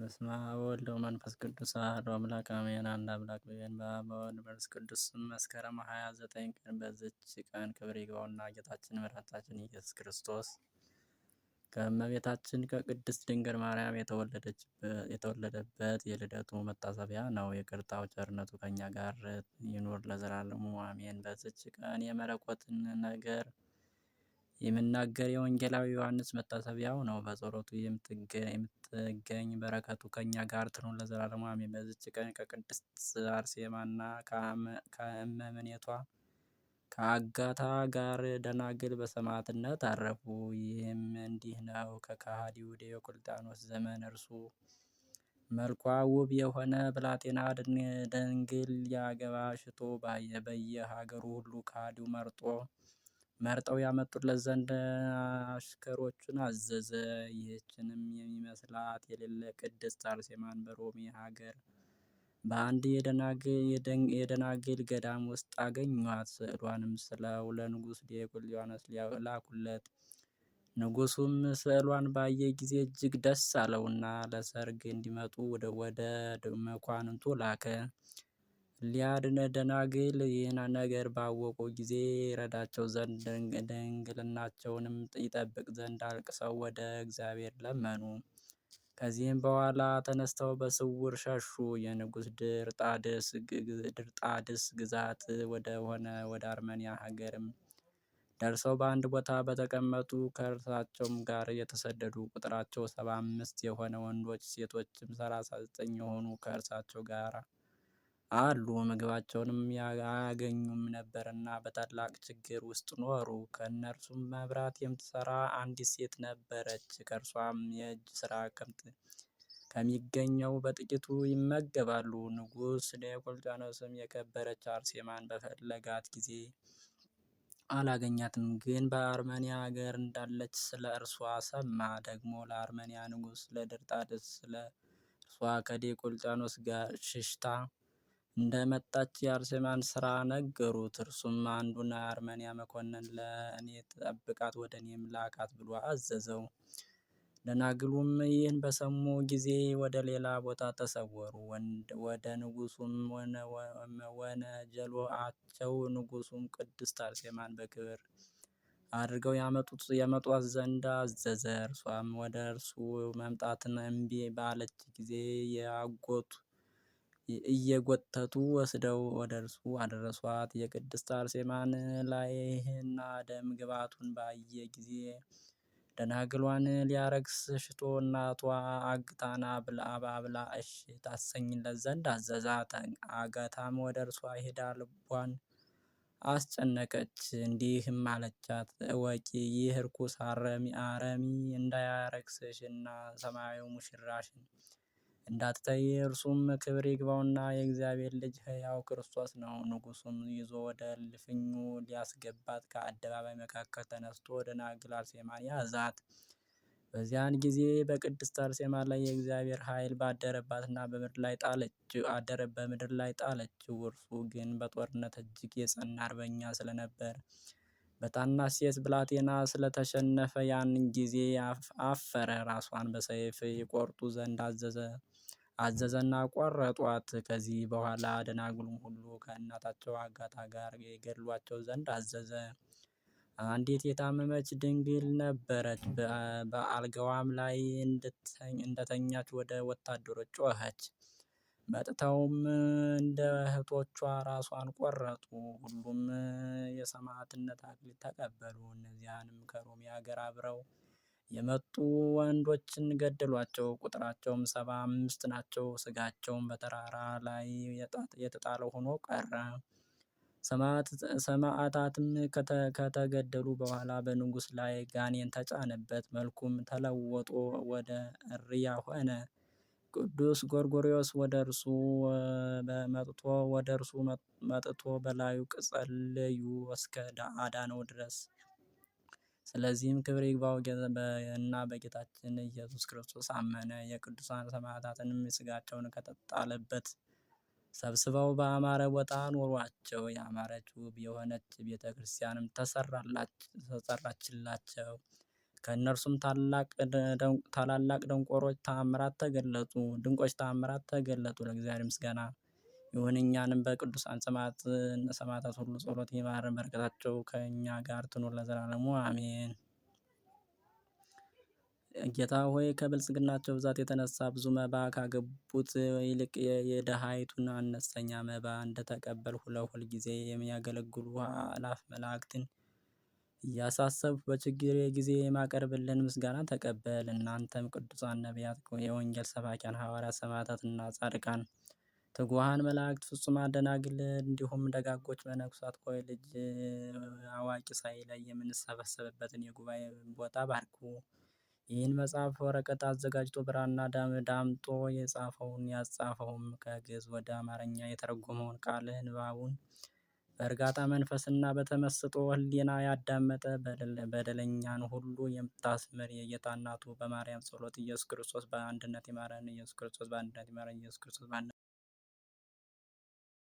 በስመ አብ ወወልድ ወመንፈስ ቅዱስ አሐዱ አምላክ አሜን። አንድ አምላክ በሚሆን በአብ በወልድ በመንፈስ ቅዱስ መስከረም 29 ቀን በዚች ቀን ክብር ይግባውና ጌታችን መድኃኒታችን ኢየሱስ ክርስቶስ ከእመቤታችን ከቅድስት ድንግል ማርያም የተወለደበት የልደቱ መታሰቢያ ነው። ይቅርታው ቸርነቱ ከእኛ ጋር ይኑር ለዘላለሙ አሜን። በዚች ቀን የመለኮትን ነገር የምናገር የወንጌላዊ ዮሐንስ መታሰቢያው ነው። በጸሎቱ የምትገኝ በረከቱ ከእኛ ጋር ትኑር ለዘላለሙ አሜን። በዚች ቀን ከቅድስት አርሴማና ከእመ ከአጋታ ጋር ደናግል በሰማዕትነት አረፉ። ይህም እንዲህ ነው። ከካሃዲው ዲዮቅልጥያኖስ ዘመን እርሱ መልኳ ውብ የሆነ ብላቴና ድንግል ያገባ ሽቶ ባየ በየሀገሩ ሁሉ ካሃዲው መርጦ መርጠው ያመጡለት ዘንድ አሽከሮቹን አዘዘ። ይህችንም የሚመስላት የሌለ ቅድስት አርሴማን በሮሚ ሀገር በአንድ የደናግል ገዳም ውስጥ አገኟት። ስዕሏንም ስለው ለንጉሥ ዲዮቅልጥያኖስ ላኩለት። ንጉሱም ስዕሏን ባየ ጊዜ እጅግ ደስ አለውና ለሰርግ እንዲመጡ ወደ መኳንንቱ ላከ። ሊያድነ ደናግል ይህን ነገር ባወቁ ጊዜ ረዳቸው ዘንድ ድንግልናቸውንም ይጠብቅ ዘንድ አልቅሰው ወደ እግዚአብሔር ለመኑ። ከዚህም በኋላ ተነስተው በስውር ሸሹ። የንጉሥ ድርጣድስ ግዛት ወደ ሆነ ወደ አርመንያ ሀገርም ደርሰው በአንድ ቦታ በተቀመጡ ከእርሳቸውም ጋር የተሰደዱ ቁጥራቸው ሰባ አምስት የሆነ ወንዶች ሴቶችም ሰላሳ ዘጠኝ የሆኑ ከእርሳቸው ጋር አሉ ምግባቸውንም አያገኙም ነበርና በታላቅ ችግር ውስጥ ኖሩ። ከእነርሱም መብራት የምትሰራ አንዲት ሴት ነበረች ከእርሷም የእጅ ስራ ከሚገኘው በጥቂቱ ይመገባሉ። ንጉስ ዲዮቅልጥያኖስም የከበረች አርሴማን በፈለጋት ጊዜ አላገኛትም። ግን በአርመንያ ሀገር እንዳለች ስለ እርሷ ሰማ። ደግሞ ለአርመንያ ንጉስ ለድርጣድስ ስለ እርሷ ከዲዮቅልጥያኖስ ጋር ሽሽታ እንደመጣች የአርሴማን ስራ ነገሩት። እርሱም አንዱን አርመንያ መኮንን ለእኔ ጠብቃት ወደ እኔም ላካት ብሎ አዘዘው። ደናግሉም ይህን በሰሙ ጊዜ ወደ ሌላ ቦታ ተሰወሩ። ወደ ንጉሡም ወነጀሉአቸው። ንጉሱም ቅድስት አርሴማን በክብር አድርገው ያመጡት ዘንድ አዘዘ። እርሷም ወደ እርሱ መምጣትን እምቢ ባለች ጊዜ የአጎቱ እየጎተቱ ወስደው ወደ እርሱ አደረሷት። የቅድስት አርሴማን ላይህና ደም ግባቱን ባየ ጊዜ ደናግሏን ሊያረግስ ሽቶ እናቷ አግታና ብላ ባብላ እሺ ታሰኝለት ዘንድ አዘዛት። አገታም ወደ እርሷ ሄዳ ልቧን አስጨነቀች፣ እንዲህም አለቻት፦ እወቂ ይህ ርኩስ አረሚ እንዳያረግስሽ እና ሰማያዊ ሙሽራሽን እንዳትተይ እርሱም ክብር ይግባውና የእግዚአብሔር ልጅ ሕያው ክርስቶስ ነው። ንጉሱም ይዞ ወደ ልፍኙ ሊያስገባት ከአደባባይ መካከል ተነስቶ ደናግል አርሴማን ያዛት። በዚያን ጊዜ በቅድስት አርሴማ ላይ የእግዚአብሔር ኃይል ባደረባትና በምድር ላይ ጣለች አደረ በምድር ላይ ጣለች። እርሱ ግን በጦርነት እጅግ የጸና አርበኛ ስለነበር በታናሽ ሴት ብላቴና ስለተሸነፈ ያን ጊዜ አፈረ። ራሷን በሰይፍ ይቆርጡ ዘንድ አዘዘ። አዘዘና ቆረጧት ከዚህ በኋላ ደናግሉም ሁሉ ከእናታቸው አጋታ ጋር የገድሏቸው ዘንድ አዘዘ። አንዲት የታመመች ድንግል ነበረች በአልጋዋም ላይ እንደተኛች ወደ ወታደሮች ጮኸች። መጥተውም እንደ እህቶቿ ራሷን ቆረጡ ሁሉም የሰማዕትነት አክሊል ተቀበሉ። እነዚያንም ከሮሜ ሀገር አብረው የመጡ ወንዶችን ገደሏቸው ቁጥራቸውም ሰባ አምስት ናቸው ስጋቸውም በተራራ ላይ የተጣለ ሆኖ ቀረ። ሰማዕታትም ከተገደሉ በኋላ በንጉሥ ላይ ጋኔን ተጫነበት መልኩም ተለወጦ ወደ እርያ ሆነ። ቅዱስ ጎርጎሪዎስ ወደ እርሱ መጥቶ ወደ እርሱ መጥቶ በላዩ ቅጸልዩ እስከ አዳነው ድረስ ስለዚህም ክብር ይግባው እና በጌታችን ኢየሱስ ክርስቶስ አመነ። የቅዱሳን ሰማዕታትንም ሥጋቸውን ከተጣለበት ሰብስበው በአማረ ቦታ ኖሯቸው ያማረች ውብ የሆነች ቤተ ክርስቲያንም ተሰራችላቸው። ከእነርሱም ታላላቅ ደንቆሮች ተአምራት ተገለጡ ድንቆች ተአምራት ተገለጡ። ለእግዚአብሔር ምስጋና ይሁን እኛንም በቅዱሳን ሰማዕት ሰማዕታት ሁሉ ጸሎት ይማረን፣ በረከታቸው ከእኛ ጋር ትኑር ለዘላለሙ አሜን። ጌታ ሆይ ከብልጽግናቸው ብዛት የተነሳ ብዙ መባ ካገቡት ይልቅ የደሃይቱን አነስተኛ መባ እንደተቀበልሁ ለሁል ጊዜ የሚያገለግሉ አላፍ መላእክትን እያሳሰብ በችግር ጊዜ የማቀርብልን ምስጋና ተቀበል። እናንተም ቅዱሳን ነቢያት፣ የወንጌል ሰባኪያን ሐዋርያት፣ ሰማዕታትና ጻድቃን ትጉሃን መላእክት ፍጹም አደናግል እንዲሁም ደጋጎች መነኩሳት ቆይ ልጅ አዋቂ ሳይለይ የምንሰበሰብበትን የጉባኤ ቦታ ባርኩ። ይህን መጽሐፍ ወረቀት አዘጋጅቶ ብራና ዳም ዳምጦ የጻፈውን ያጻፈውም ከግዕዝ ወደ አማርኛ የተረጎመውን ቃል ንባቡን በእርጋታ መንፈስና በተመስጦ ሕሊና ያዳመጠ በደለኛን ሁሉ የምታስምር የጌታ እናቱ በማርያም ጸሎት ኢየሱስ ክርስቶስ በአንድነት ይማረን። ኢየሱስ ክርስቶስ በአንድነት ይማረን። ኢየሱስ ክርስቶስ በአንድነት